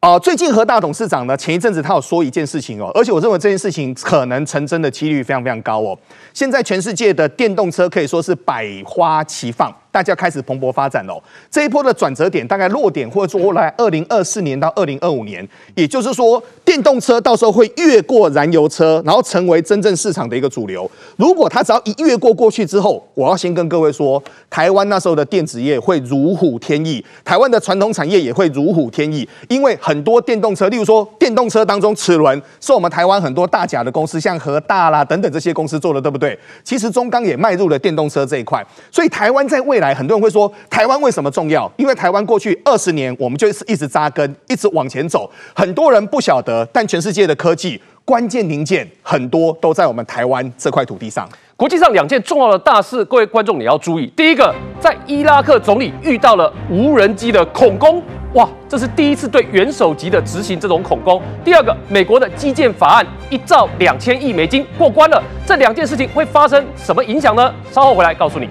啊、呃，最近和大董事長呢，前一陣子他有說一件事情哦，而且我認為這件事情可能成真的幾率非常非常高哦。現在全世界的電動車可以說是百花齊放。大家開始蓬勃發展了。這一波的轉折點大概落點，或者說來二零二四年到二零二五年，也就是說，電動車到時候會越過燃油車，然後成為真正市場的一個主流。如果它只要一越過過去之後，我要先跟各位說，台灣那時候的電子業會如虎添翼，台灣的傳統產業也會如虎添翼，因為很多電動車，例如說電動車當中齒輪是我們台灣很多大甲的公司，像和大啦等等這些公司做的，對不對？其實中鋼也邁入了電動車這一塊，所以台灣在未來。很多人會說台灣為什麼重要？因為台灣過去二十年，我們就是一直扎根，一直往前走。很多人不曉得，但全世界的科技關鍵零件很多都在我們台灣這塊土地上。國際上兩件重要的大事，各位觀眾你要注意：第一個，在伊拉克總理遇到了無人機的恐攻，哇，這是第一次對元首級的執行這種恐攻；第二個，美國的基建法案一兆兩千億美金過關了，這兩件事情會發生什麼影響呢？稍後回來告訴你。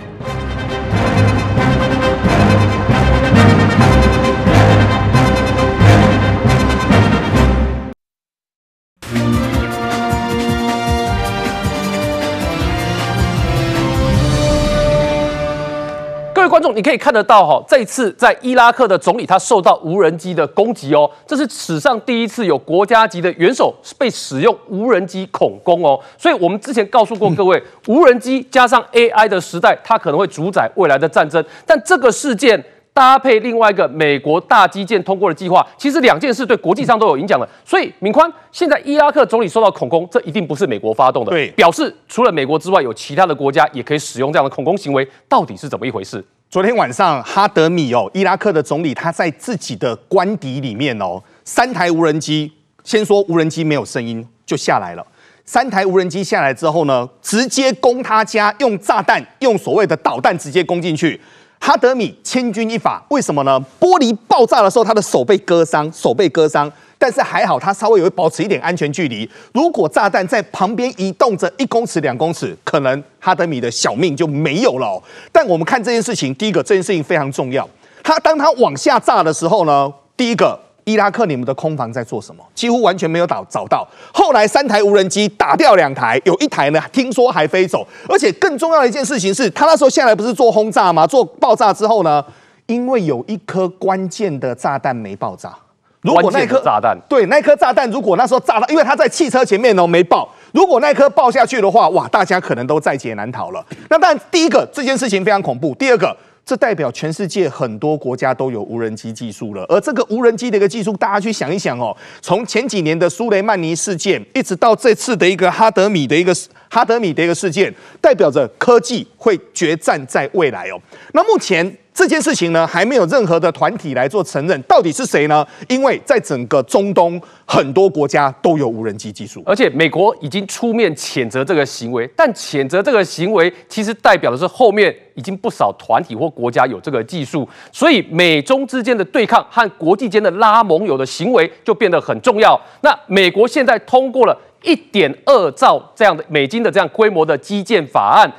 各位觀眾，你可以看得到哈，這一次在伊拉克的總理他受到無人機的攻擊哦，這是史上第一次有國家級的元首被使用無人機恐攻哦。所以，我們之前告訴過各位，無人機加上 AI 的時代，它可能會主宰未來的戰爭。但這個事件搭配另外一個美國大基建通過的計劃，其實兩件事對國際上都有影響了。所以，敏寬，現在伊拉克總理受到恐攻，這一定不是美國發動的，對表示除了美國之外，有其他的國家也可以使用這樣的恐攻行為，到底是怎麼一回事？昨天晚上，哈德米哦，伊拉克的總理他在自己的官邸裡面哦，三台無人機，先說無人機沒有聲音就下來了，三台無人機下來之後呢，直接攻他家，用炸彈，用所謂的導彈直接攻進去。哈德米千鈞一發，為什麼呢？玻璃爆炸的時候，他的手被割傷，手被割傷，但是還好他稍微有保持一點安全距離。如果炸彈在旁邊移動着一公尺、兩公尺，可能哈德米的小命就沒有了哦。但我們看這件事情，第一個，這件事情非常重要。他當他往下炸的時候呢，第一個。伊拉克，你們的空防在做什麼？幾乎完全沒有找找到。後來三台無人機打掉兩台，有一台呢，聽說還飛走。而且更重要的一件事情是，他那時候下來不是做轟炸嗎？做爆炸之後呢，因為有一顆關鍵的炸彈沒爆炸。如果那顆關鍵的炸彈。對，那顆炸彈如果那時候炸了，因為他在汽車前面都、哦、沒爆。如果那顆爆下去的話，哇，大家可能都在劫難逃了。那當然，第一個這件事情非常恐怖，第二個。這代表全世界很多國家都有無人機技術了，而這個無人機的一個技術，大家去想一想哦，從前幾年的蘇雷曼尼事件，一直到這次的一個哈德米的一個，哈德米的一個事件，代表着科技會決戰在未來哦。那目前，這件事情呢，還沒有任何的團體來做承認，到底是誰呢？因為在整個中東，很多國家都有無人機技術，而且美國已經出面譴責這個行為，但譴責這個行為其實代表的是後面已經不少團體或國家有這個技術，所以美中之間的對抗和國際間的拉盟友的行為就變得很重要。那美國現在通過了一點二兆這樣的美金的這樣規模的基建法案。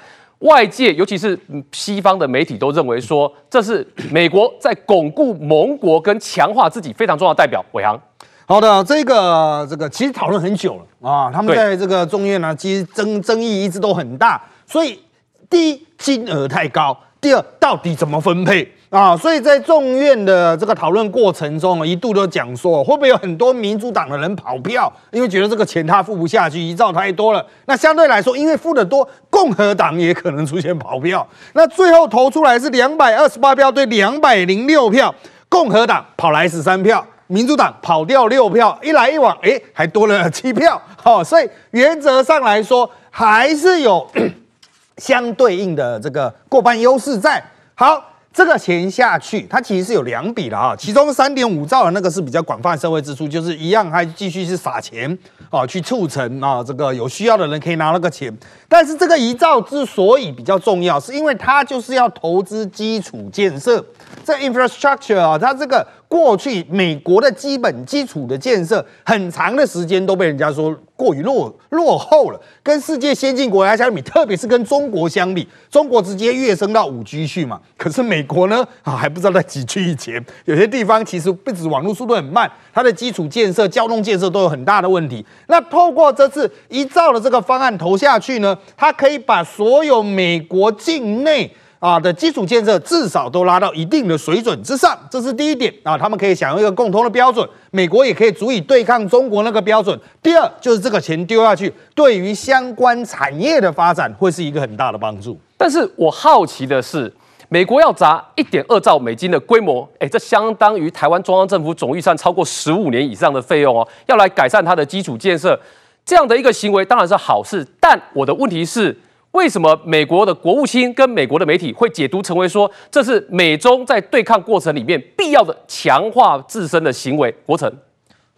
外界，尤其是西方的媒體，都認為說這是美國在鞏固盟國跟強化自己非常重要的代表。偉航，好的，這個這個其實討論很久了啊，他們在這個眾院呢、啊，其實爭爭議一直都很大。所以，第一金額太高，第二到底怎麼分配？啊，哦、所以在眾院的這個討論過程中，一度都講說會不會有很多民主黨的人跑票，因為覺得這個錢他付不下去，一兆太多了。那相對來說，因為付的多，共和黨也可能出現跑票。那最後投出來是兩百二十八票對兩百零六票，共和黨跑來十三票，民主黨跑掉六票，一來一往，誒，還多了七票。好，所以原則上來說，還是有 相對應的這個過半優勢在。好。這個錢下去，它其實是有兩筆的啊、哦，其中三點五兆的那個是比較廣泛社會支出，就是一樣還繼續是撒錢啊、哦，去促成啊、哦、這個有需要的人可以拿那個錢。但是這個一兆之所以比較重要，是因為它就是要投資基礎建設。這 infrastructure 啊、哦，它這個。過去美國的基本基礎的建設，很長的時間都被人家說過於落落後了，跟世界先進國家相比，特別是跟中國相比，中國直接躍升到五 G 去嘛。可是美國呢，啊還不知道在幾 G。以前，有些地方其實不止網絡速度很慢，它的基礎建設、交通建設都有很大的問題。那透過這次一兆的這個方案投下去呢，它可以把所有美國境內。啊的基礎建設至少都拉到一定的水準之上，這是第一點啊，他們可以享用一個共通的標準，美國也可以足以對抗中國那個標準。第二就是這個錢丟下去，對於相關產業的發展會是一個很大的幫助。但是我好奇的是，美國要砸一點二兆美金的規模，欸，這相當於台灣中央政府總預算超過十五年以上的費用哦，要來改善它的基礎建設，這樣的一個行為當然是好事，但我的問題是。為什麼美國的國務卿跟美國的媒體會解讀成為說，這是美中在對抗過程裡面必要的強化自身的行為過程？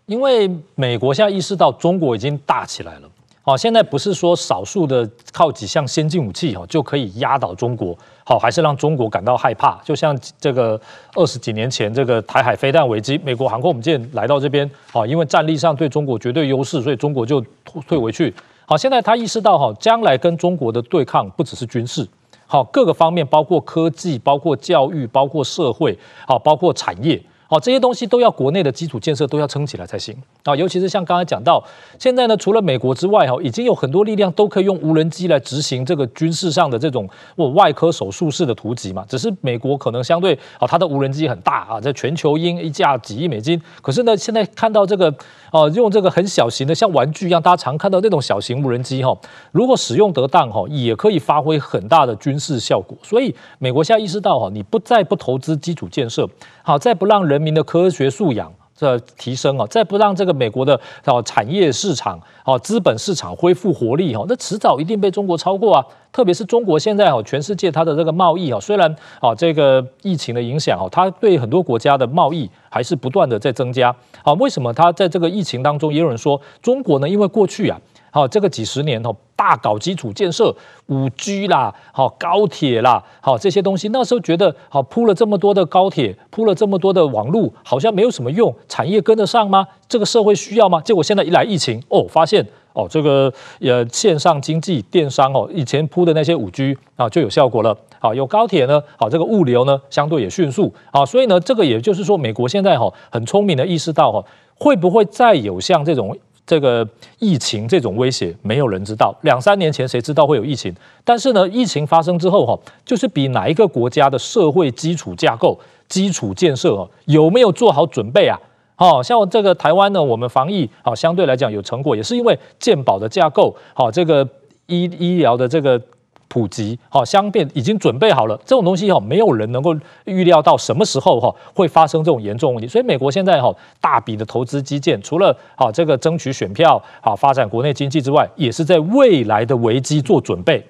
因為美國現在意識到中國已經大起來了，好，現在不是說少數的靠幾項先進武器哦就可以壓倒中國，好，還是讓中國感到害怕。就像這個二十幾年前這個台海飛彈危機，美國航空母艦來到這邊，好，因為戰力上對中國絕對優勢，所以中國就退回去。嗯好，現在他意識到哈，將來跟中國的對抗不只是軍事，好，各個方面，包括科技，包括教育，包括社會，好，包括產業。好，這些東西都要國內的基礎建設都要撐起來才行啊，尤其是像剛才講到，現在呢，除了美國之外，哈，已經有很多力量都可以用無人機來執行這個軍事上的這種我外科手術式的突擊嘛。只是美國可能相對啊，它的無人機很大啊，在全球鷹一架幾億美金，可是呢，現在看到這個哦，用這個很小型的像玩具一樣，大家常看到那種小型無人機哈，如果使用得當哈，也可以發揮很大的軍事效果。所以美國現在意識到哈，你不再不投資基礎建設，好，再不讓人。人民的科學素養這提升啊，再不讓這個美國的產業市場、資本市場恢復活力哈，那遲早一定被中國超過啊！特別是中國現在全世界它的這個貿易啊，雖然啊這個疫情的影響啊，它對很多國家的貿易還是不斷的在增加啊。為什麼它在這個疫情當中，也有人說中國呢，因為過去啊。好，這個幾十年大搞基礎建設，五 G 啦，好高鐵啦，好這些東西，那時候覺得好鋪了這麼多的高鐵，鋪了這麼多的網路，好像沒有什麼用，產業跟得上嗎？這個社會需要嗎？結果現在一來疫情，哦，發現哦，這個呃線上經濟、電商哦，以前鋪的那些五 G 啊，就有效果了。好，有高鐵呢，好這個物流呢，相對也迅速。所以呢，這個也就是說，美國現在哈很聰明的意識到哈，會不會再有像這種。這個疫情這種威脅，沒有人知道。兩三年前誰知道會有疫情？但是呢，疫情發生之後，哈，就是比哪一個國家的社會基礎架構、基礎建設，哈，有沒有做好準備啊？哦，像這個台灣呢，我們防疫啊，相對來講有成果，也是因為健保的架構，好，這個醫醫療的這個。普及好，相變已經準備好了。這種東西哈，沒有人能夠預料到什麼時候哈會發生這種嚴重問題。所以，美國現在哈大筆的投資基建，除了好這個爭取選票、好發展國內經濟之外，也是在未來的危機做準備。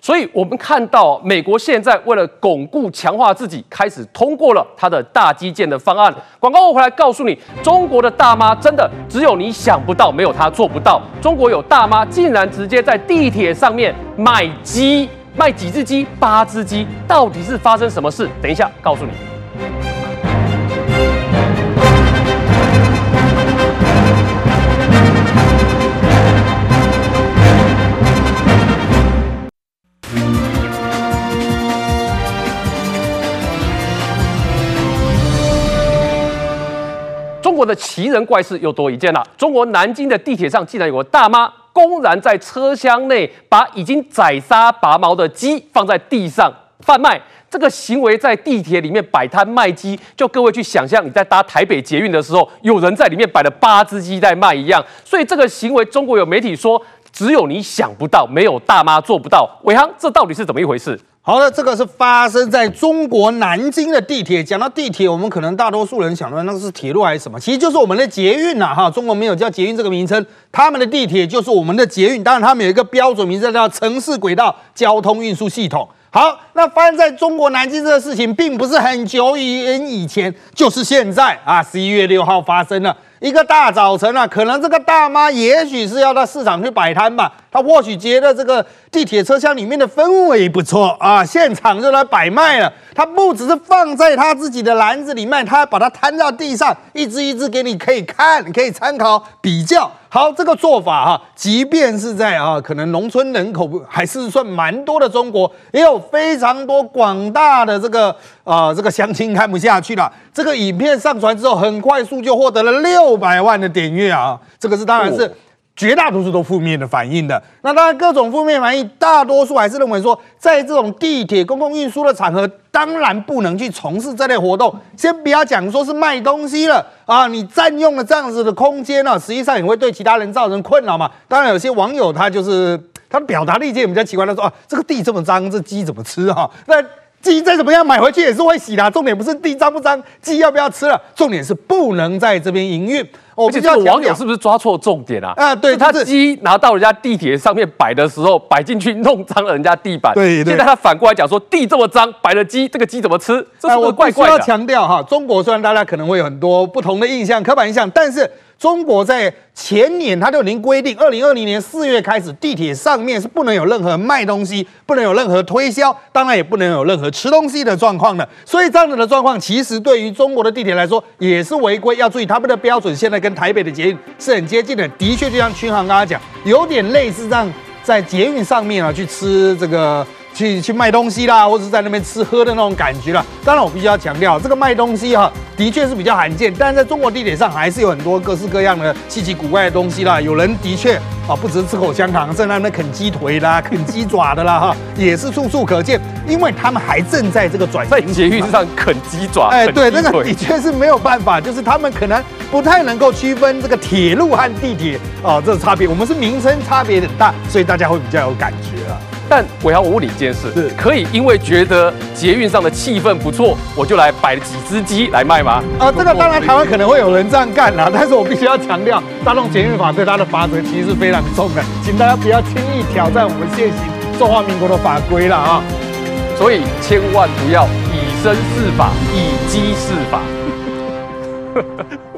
所以，我們看到、啊、美國現在為了鞏固、強化自己，開始通過了他的大基建的方案。廣告，我回來告訴你，中國的大媽真的只有你想不到，沒有她做不到。中國有大媽竟然直接在地鐵上面賣雞，賣幾只雞、八只雞，到底是發生什麼事？等一下告訴你。中國的奇人怪事又多一件了啊。中國南京的地鐵上竟然有個大媽公然在車廂內把已經宰殺拔毛的雞放在地上販賣。這個行為在地鐵裡面擺攤賣雞，就各位去想象你在搭台北捷運的時候，有人在裡面擺了八隻雞在賣一樣。所以這個行為，中國有媒體說，只有你想不到，沒有大媽做不到。偉航，這到底是怎麼一回事？好的，這個是發生在中國南京的地鐵。講到地鐵，我們可能大多數人想到那個是鐵路還是什麼，其實就是我們的捷運吶，哈，中國沒有叫捷運這個名稱，他們的地鐵就是我們的捷運。當然，他們有一個標準名字，叫城市軌道交通運輸系統。好，那發生在中國南京這個事情，並不是很久以前，就是現在啊，十一月六號發生了。一個大早晨啊，可能這個大媽也許是要到市場去擺攤吧。她或許覺得這個地鐵車廂裡面的氛圍不錯啊，現場就來擺賣了。她不只是放在她自己的籃子裡面，她還把它攤到地上，一只一隻給你可以看，可以參考比較。好，這個做法哈、啊，即便是在啊，可能農村人口還是算蠻多的中國，也有非常多廣大的這個啊、呃、這個鄉親看不下去了。這個影片上傳之後，很快速就獲得了六。五百萬的點閱啊，這個是當然，是絕大多數都負面的反應的。哦、那當然，各種負面反應，大多數還是認為說，在這種地鐵公共運輸的場合，當然不能去從事這類活動。先不要講說是賣東西了啊，你占用了這樣子的空間呢、啊，實際上也會對其他人造成困擾嘛。當然，有些網友他就是他的表達力也比較奇怪的，他說啊，這個地這麼髒，這雞怎麼吃哈、啊？那。雞再怎麼樣買回去也是會洗的、啊，重點不是地髒不髒，雞要不要吃了？重點是不能在這邊營運。我不知道網友是不是抓錯重點啊？啊，對是他雞拿到人家地鐵上面擺的時候，擺進去弄髒了人家地板。對，對現在他反過來講說地這麼髒，擺了雞，這個雞怎麼吃？這是真的怪怪的、啊、我必須要強調哈，中國雖然大家可能會有很多不同的印象、刻板印象，但是。中國在前年它就已經規定，二零二零年四月開始，地鐵上面是不能有任何賣東西，不能有任何推銷，當然也不能有任何吃東西的狀況的。所以這樣的狀況，其實對於中國的地鐵來說也是違規。要注意，他們的標準現在跟台北的捷運是很接近的，的確就像群航剛剛講，有點類似這樣在捷運上面啊去吃這個。去去賣東西啦，或者在那邊吃喝的那種感覺啦。當然，我必須要強調，這個賣東西哈、啊，的確是比較罕見。但是，在中國地鐵上還是有很多各式各樣的稀奇古怪的東西啦。有人的確啊，不只是吃口香糖，甚至在那啃雞腿啦、啃雞爪的啦，哈， 也是處處可見。因為他們還正在這個轉型，在捷運上啃雞爪，哎、欸，對，這、那個的確是沒有辦法，就是他們可能不太能夠區分這個鐵路和地鐵啊，這個差別。我們是名稱差別很大，所以大家會比較有感覺啦。但我要問你一件事：，是可以因為覺得捷運上的氣氛不錯，我就來擺幾只雞來賣嗎？啊，這個當然台灣可能會有人這樣幹啦、啊，但是我必須要強調，大眾捷運法對它的罰則其實是非常重的，請大家不要輕易挑戰我們現行中華民國的法規了啊！所以千萬不要以身試法，以雞試法。